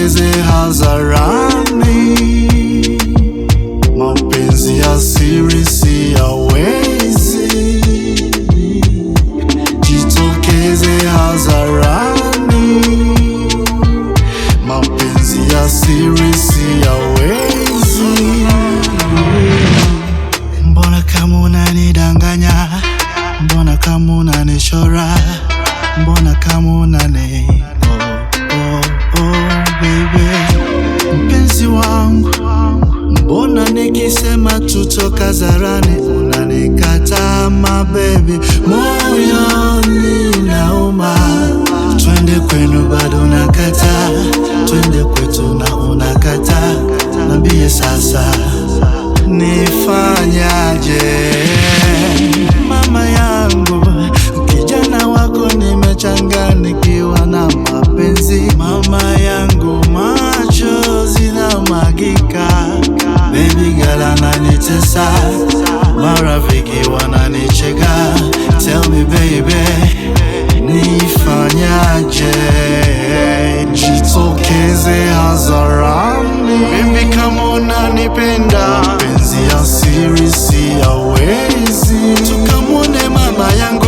Mapenzi hadharani, mapenzi ya siri hadharani wananicheka, tell me baby, nifanyaje? Jitokeze hadharani, mimi kama unanipenda, mapenzi ya siri siyawezi, tukamwone mama yangu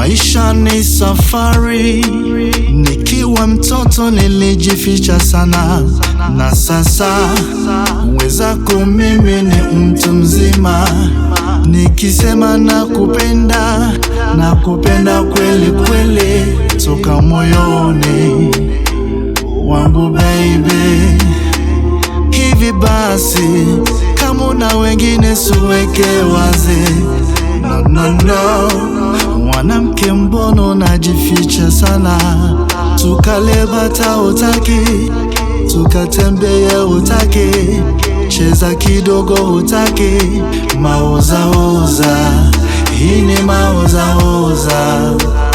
Maisha ni safari. Nikiwa mtoto nilijificha sana, na sasa mwenzako mimi ni mtu mzima. Nikisema na na kupenda kweli kweli, toka moyoni wangu baby. Hivi basi, kama una wengine siweke wazi, no, no, no. Mwanamke, mbono najificha sana? Tukalebata utaki tukatembeye utaki cheza kidogo hutaki, mauzauza hii ni maozaoza